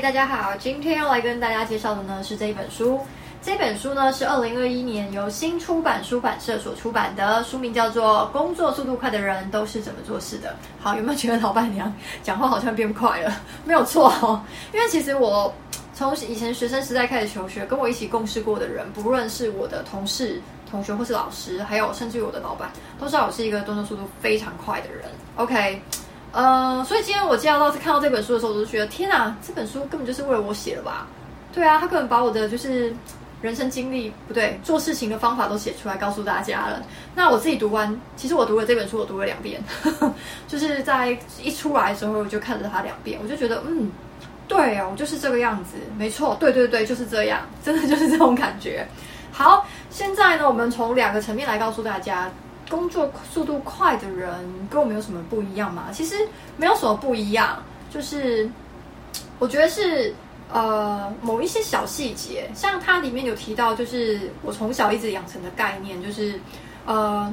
大家好，今天要來跟大家介紹的呢是這一本書。這本書呢是二零二一年由新出版書出版社所出版的，書名叫做《工作速度快的人都是怎麼做事的》。好，有沒有覺得老板娘講話好像變快了？沒有錯哦，因為其實我從以前學生時代開始求學，跟我一起共事過的人，不論是我的同事、同學或是老師，還有甚至於我的老板，都知道我是一個動作速度非常快的人。OK。呃，所以今天我接到老師看到這本書的時候，我就覺得天啊，這本書根本就是為了我寫了吧？對啊，他根本把我的就是人生經歷不對，做事情的方法都寫出來告訴大家了。那我自己讀完，其實我讀了這本書，我讀了兩遍呵呵，就是在一出來的時候我就看着他兩遍，我就覺得嗯，對啊，我就是這個樣子，沒錯，對對對，就是這樣，真的就是這種感覺。好，現在呢，我們從兩個層面來告訴大家。工作速度快的人跟我們有什麼不一樣嗎？其實沒有什麼不一樣，就是我覺得是呃某一些小細節，像它裡面有提到，就是我從小一直養成的概念，就是呃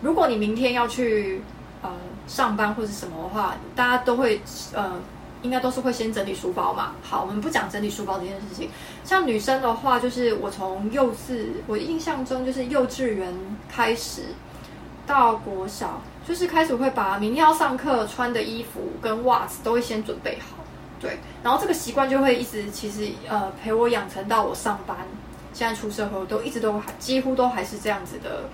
如果你明天要去呃上班或是什麼的話，大家都會呃應該都是會先整理書包嘛。好，我們不講整理書包這件事情。像女生的話，就是我從幼稚，我印象中就是幼稚園開始。到國小就是開始會把明天要上課穿的衣服跟襪子都會先準備好，對，然後這個習慣就會一直其實呃陪我養成到我上班，現在出社會都一直都還幾乎都還是這樣子的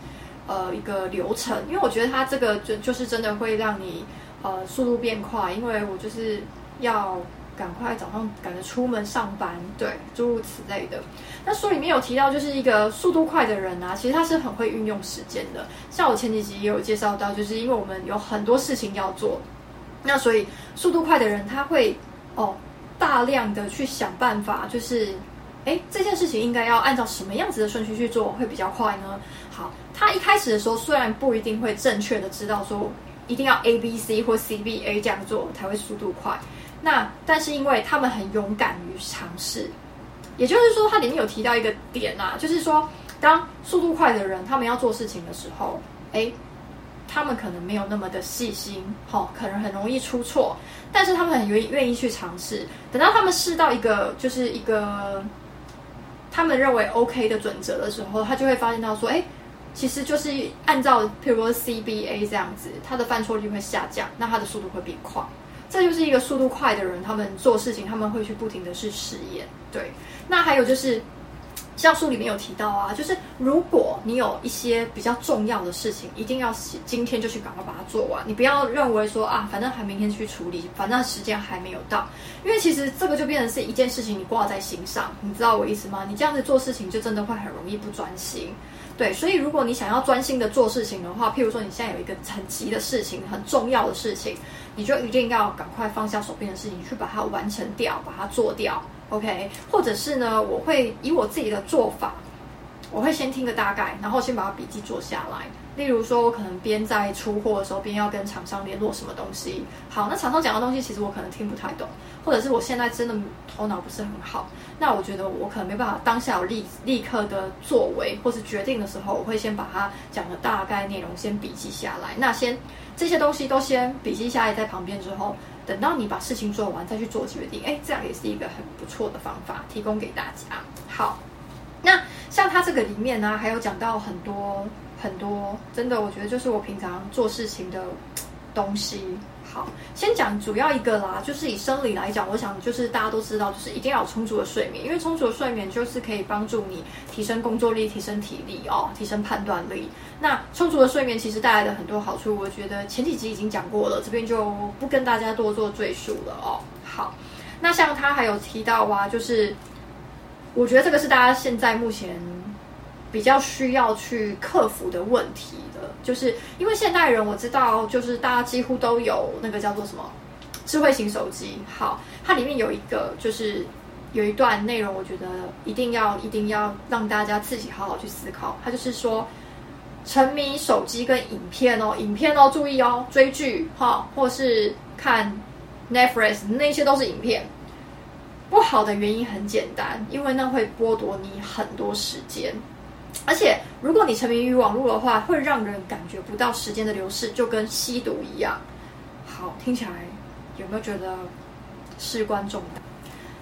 呃一個流程，因為我覺得它這個就就是真的會讓你呃速度變快，因為我就是要。趕快早上趕着出門上班，對，諸如此類的。那書裡面有提到，就是一個速度快的人啊，其實他是很會運用時間的。像我前幾集也有介紹到，就是因為我們有很多事情要做，那所以速度快的人他會哦大量的去想辦法，就是哎、欸、這件事情應該要按照什麼樣子的順序去做會比較快呢？好，他一開始的時候雖然不一定會正確的知道說一定要 A B C 或 C B A 這樣做才會速度快。那但是因為他們很勇敢於嘗試，也就是說，他裡面有提到一個點啊，就是說，當速度快的人他們要做事情的時候，哎，他們可能沒有那麼的細心，好、哦，可能很容易出錯，但是他們很願意願意去嘗試。等到他們試到一個就是一個他們認為 OK 的準則的時候，他就會發現到說，哎，其實就是按照譬如說 CBA 這樣子，他的犯錯率會下降，那他的速度會變快。這就是一個速度快的人，他們做事情，他們會去不停地去實驗，對。那還有就是。像書裡面有提到啊，就是如果你有一些比較重要的事情，一定要今天就去趕快把它做完。你不要認為說啊，反正還明天去處理，反正時間還沒有到。因為其實這個就變成是一件事情你掛在心上，你知道我意思嗎？你這樣子做事情就真的會很容易不專心。對，所以如果你想要專心的做事情的話，譬如說你現在有一個很急的事情、很重要的事情，你就一定要趕快放下手邊的事情，去把它完成掉，把它做掉。OK，或者是呢，我會以我自己的做法，我會先聽個大概，然後先把筆記做下來。例如說，我可能邊在出貨的時候，邊要跟廠商聯絡什麼東西。好，那廠商講的東西，其實我可能聽不太懂，或者是我現在真的頭腦不是很好。那我覺得我可能沒辦法當下有立立刻的作為或是決定的時候，我會先把它講的大概內容先筆記下來。那先這些東西都先筆記下來在旁邊之後。等到你把事情做完再去做決定，哎，這樣也是一個很不錯的方法，提供給大家。好，那像它這個裡面呢，還有講到很多很多，真的，我覺得就是我平常做事情的。東西好，先講主要一個啦，就是以生理來講，我想就是大家都知道，就是一定要有充足的睡眠，因為充足的睡眠就是可以幫助你提升工作力、提升體力哦、提升判斷力。那充足的睡眠其實帶來的很多好處，我覺得前幾集已經講過了，這邊就不跟大家多做贅述了哦。好，那像他還有提到哇、啊，就是我覺得這個是大家現在目前。比較需要去克服的問題的，就是因為現代人，我知道，就是大家幾乎都有那個叫做什麼智慧型手機。好，它裡面有一個，就是有一段內容，我覺得一定要一定要讓大家自己好好去思考。它就是說，沉迷手機跟影片哦，影片哦，注意哦，追劇哈，或是看 Netflix 那些都是影片，不好的原因很簡單，因為那會剝奪你很多時間。而且，如果你沉迷於網絡的話，會讓人感覺不到時間的流逝，就跟吸毒一樣。好，聽起來有沒有覺得事關重大？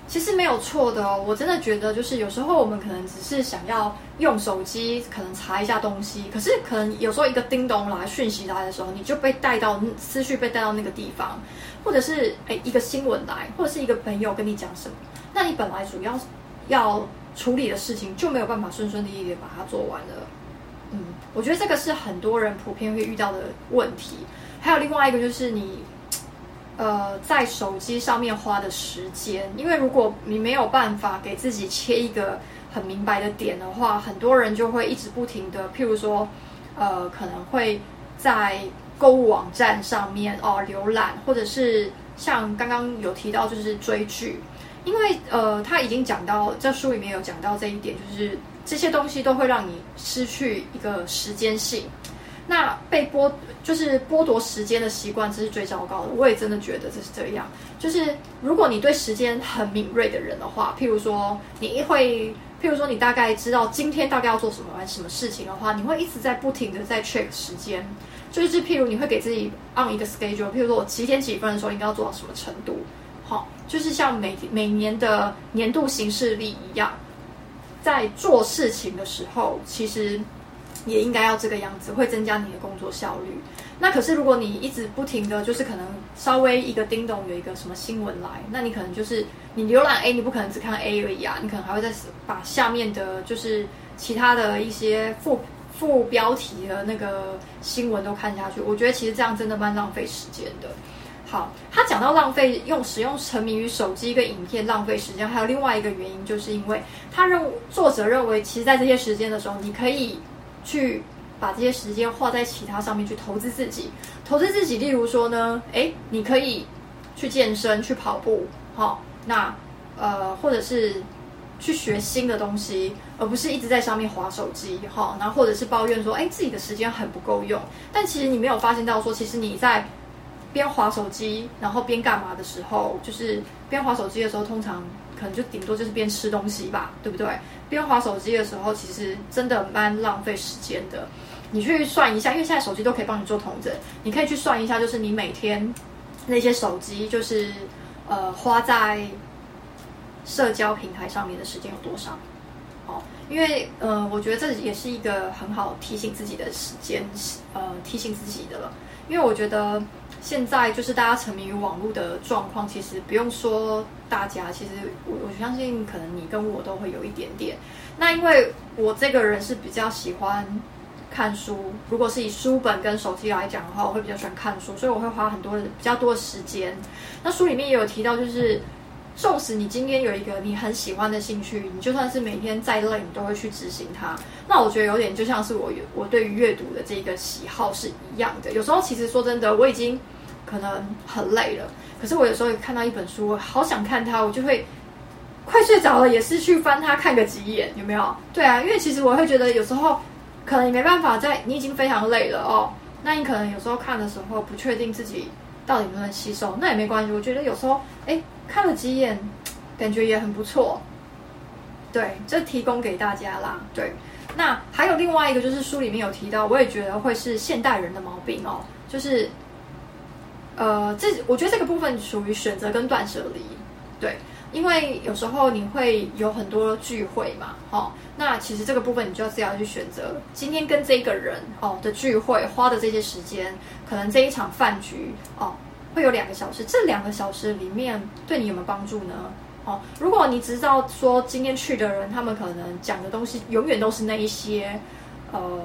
其實沒有錯的哦，我真的覺得，就是有時候我們可能只是想要用手機，可能查一下東西，可是可能有時候一個叮咚來訊息來的時候，你就被帶到思緒被帶到那個地方，或者是誒，一個新聞來，或者是一個朋友跟你講什麼，那你本來主要要。處理的事情就沒有辦法順順利利的把它做完了，嗯，我覺得這個是很多人普遍會遇到的問題。還有另外一個就是你，呃，在手機上面花的時間，因為如果你沒有辦法給自己切一個很明白的點的話，很多人就會一直不停的，譬如說，呃，可能會在購物網站上面哦瀏覽，或者是像剛剛有提到就是追劇。因為呃，他已經講到在書裡面有講到這一點，就是這些東西都會讓你失去一個時間性。那被剝就是剝奪時間的習慣，這是最糟糕的。我也真的覺得這是這樣。就是如果你對時間很敏銳的人的話，譬如說你會譬如說你大概知道今天大概要做什麼還是什麼事情的話，你會一直在不停的在 check 時間。就是譬如你會給自己按一個 schedule，譬如說我幾點幾分的時候應該要做到什麼程度，好、哦。就是像每每年的年度行事曆一樣，在做事情的時候，其實也應該要這個樣子，會增加你的工作效率。那可是如果你一直不停的就是可能稍微一個叮咚有一個什麼新聞來，那你可能就是你瀏覽 A，你不可能只看 A 而已啊，你可能還會再把下面的，就是其他的一些副副標題的那個新聞都看下去。我覺得其實這樣真的蠻浪費時間的。好，他講到浪費用使用沉迷於手機跟影片浪費時間，還有另外一個原因，就是因為他認作者認為，其實，在這些時間的時候，你可以去把這些時間花在其他上面去投資自己，投資自己，例如說呢，哎，你可以去健身、去跑步，哈、哦，那呃，或者是去學新的東西，而不是一直在上面滑手機，哈、哦，然後或者是抱怨說，哎，自己的時間很不夠用，但其實你沒有發現到說，其實你在。邊滑手機，然後邊幹嘛的時候，就是邊滑手機的時候，通常可能就頂多就是邊吃東西吧，對不對？邊滑手機的時候，其實真的蠻浪費時間的。你去算一下，因為現在手機都可以幫你做統整，你可以去算一下，就是你每天那些手機就是呃花在社交平台上面的時間有多少？哦，因為呃，我覺得這也是一個很好提醒自己的時間，呃，提醒自己的了。因為我覺得現在就是大家沉迷於網絡的狀況，其實不用說大家，其實我我相信可能你跟我都會有一點點。那因為我這個人是比較喜歡看書，如果是以書本跟手機來講的話，我會比較喜歡看書，所以我會花很多的比較多的時間。那書裡面也有提到，就是。縱使你今天有一個你很喜歡的興趣，你就算是每天再累，你都會去執行它。那我覺得有點就像是我我對於閱讀的這個喜好是一樣的。有時候其實說真的，我已經可能很累了，可是我有時候看到一本書，我好想看它，我就會快睡着了，也是去翻它看個幾眼，有沒有？對啊，因為其實我會覺得有時候可能你沒辦法在你已經非常累了哦，那你可能有時候看的時候不確定自己到底能不能吸收，那也沒關係。我覺得有時候哎。欸看了幾眼，感覺也很不錯。對，這提供給大家啦。對，那還有另外一個，就是書裡面有提到，我也覺得會是現代人的毛病哦，就是，呃，這我覺得這個部分屬於選擇跟斷舍離。對，因為有時候你會有很多聚會嘛，哦，那其實這個部分你就要自己要去選擇，今天跟這個人哦的聚會花的這些時間，可能這一場飯局哦。會有兩個小時，這兩個小時裡面對你有沒有幫助呢？哦，如果你知道說今天去的人，他們可能講的東西永遠都是那一些，嗯，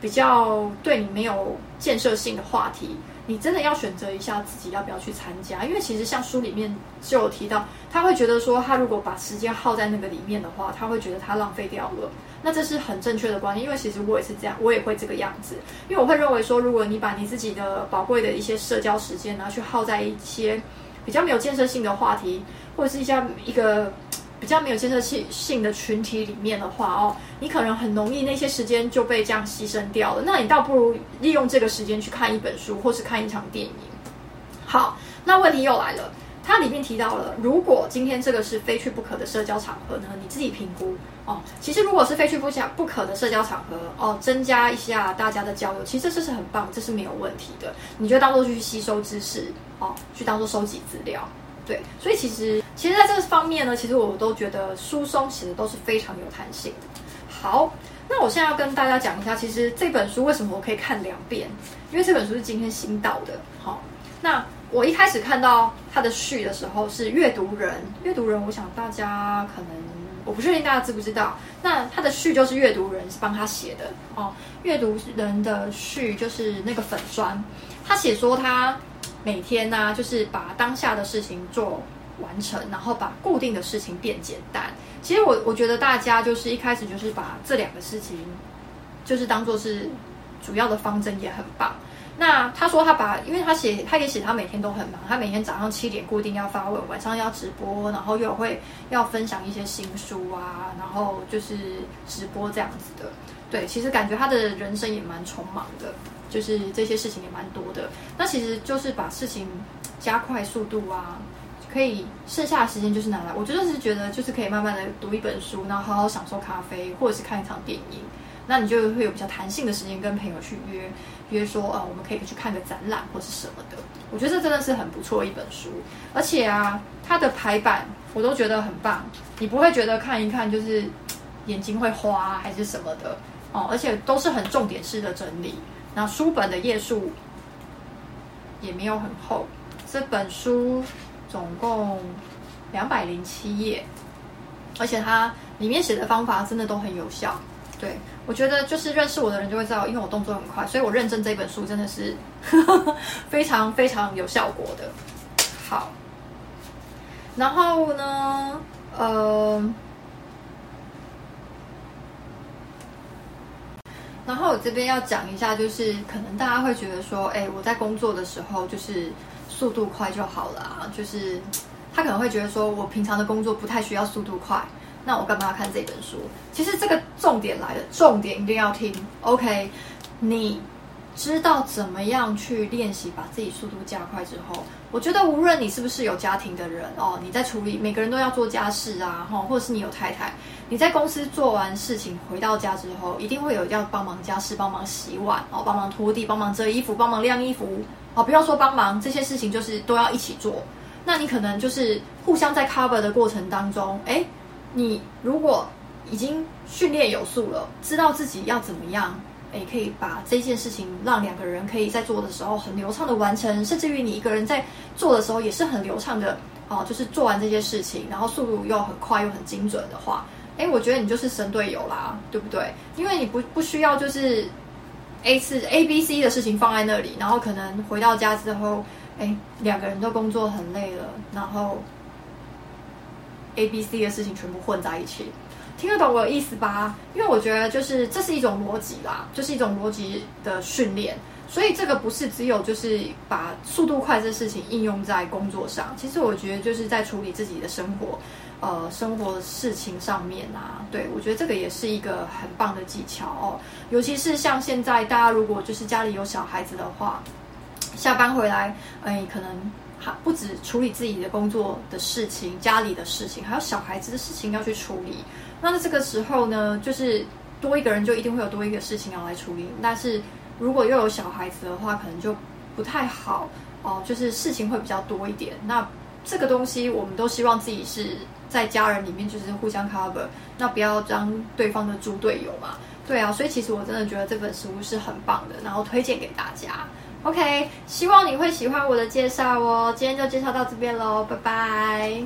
比較對你沒有建設性的話題，你真的要選擇一下自己要不要去參加，因為其實像書裡面就有提到，他會覺得說他如果把時間耗在那個裡面的話，他會覺得他浪費掉了。那這是很正確的觀念，因為其實我也是這樣，我也會這個樣子，因為我會認為說，如果你把你自己的寶貴的一些社交時間，拿去耗在一些比較沒有建設性的話題，或者是一些一個比較沒有建設性的群體裡面的話，哦，你可能很容易那些時間就被這樣犧牲掉了。那你倒不如利用這個時間去看一本書，或是看一場電影。好，那問題又來了。它裡面提到了，如果今天這個是非去不可的社交場合呢，你自己評估哦、嗯。其實如果是非去不可不可的社交場合哦、嗯，增加一下大家的交流，其實這是很棒，這是沒有問題的。你就要當做去吸收知識哦、嗯，去當做收集資料。對，所以其實其實在這個方面呢，其實我都覺得書中其實都是非常有彈性的。好，那我現在要跟大家講一下，其實這本書為什麼我可以看兩遍？因為這本書是今天新到的。好、嗯，那。我一開始看到他的序的時候是閱讀人，閱讀人，我想大家可能我不確定大家知不知道，那他的序就是閱讀人是幫他寫的哦，閱讀人的序就是那個粉專。他寫說他每天呢、啊、就是把當下的事情做完成，然後把固定的事情變簡單。其實我我覺得大家就是一開始就是把這兩個事情，就是當做是主要的方針也很棒。那他說他把，因為他寫他也寫他每天都很忙，他每天早上七點固定要發文，晚上要直播，然後又會要分享一些新書啊，然後就是直播這樣子的。對，其實感覺他的人生也蠻匆忙的，就是這些事情也蠻多的。那其實就是把事情加快速度啊，可以剩下的時間就是拿來，我就是覺得就是可以慢慢的讀一本書，然後好好享受咖啡，或者是看一場電影。那你就會有比較彈性的時間跟朋友去約約說啊、嗯，我們可以去看個展覽或是什麼的。我覺得這真的是很不錯一本書，而且啊，它的排版我都覺得很棒，你不會覺得看一看就是眼睛會花還是什麼的哦、嗯。而且都是很重點式的整理，然後書本的頁數也沒有很厚，這本書總共兩百零七頁，而且它裡面寫的方法真的都很有效。對，我覺得就是認識我的人就會知道，因為我動作很快，所以我認證這本書真的是呵呵呵非常非常有效果的。好，然後呢，呃，然後我這邊要講一下，就是可能大家會覺得說，哎，我在工作的時候就是速度快就好了，就是他可能會覺得說我平常的工作不太需要速度快。那我幹嘛要看這本書？其實這個重點來了，重點一定要聽。OK，你知道怎麼樣去練習把自己速度加快之後，我覺得無論你是不是有家庭的人哦，你在處理每個人都要做家事啊，哦、或者是你有太太，你在公司做完事情回到家之後，一定會有要幫忙家事、幫忙洗碗、哦，幫忙拖地、幫忙折衣服、幫忙晾衣服哦，不要說幫忙這些事情，就是都要一起做。那你可能就是互相在 cover 的過程當中，哎、欸。你如果已經訓練有素了，知道自己要怎麼樣，哎，可以把這件事情讓兩個人可以在做的時候很流暢的完成，甚至於你一個人在做的時候也是很流暢的，哦、啊，就是做完這些事情，然後速度又很快又很精準的話，哎，我覺得你就是神隊友啦，對不對？因為你不不需要就是 A 四 A B C 的事情放在那裡，然後可能回到家之後，哎，兩個人都工作很累了，然後。A、B、C 的事情全部混在一起，聽得懂我的意思吧？因為我覺得就是這是一種邏輯啦，就是一種邏輯的訓練。所以這個不是只有就是把速度快這事情應用在工作上，其實我覺得就是在處理自己的生活，呃，生活的事情上面啊。對我覺得這個也是一個很棒的技巧哦，尤其是像現在大家如果就是家裡有小孩子的話，下班回來，誒，可能。不止處理自己的工作的事情、家裡的事情，還有小孩子的事情要去處理。那這個時候呢，就是多一個人就一定會有多一個事情要來處理。但是如果又有小孩子的話，可能就不太好哦，呃，就是事情會比較多一點。那這個東西我們都希望自己是在家人裡面就是互相 cover，那不要當對方的豬隊友嘛。對啊，所以其實我真的覺得這本書是很棒的，然後推薦給大家。OK，希望你會喜歡我的介紹哦。今天就介紹到這邊嘍，拜拜。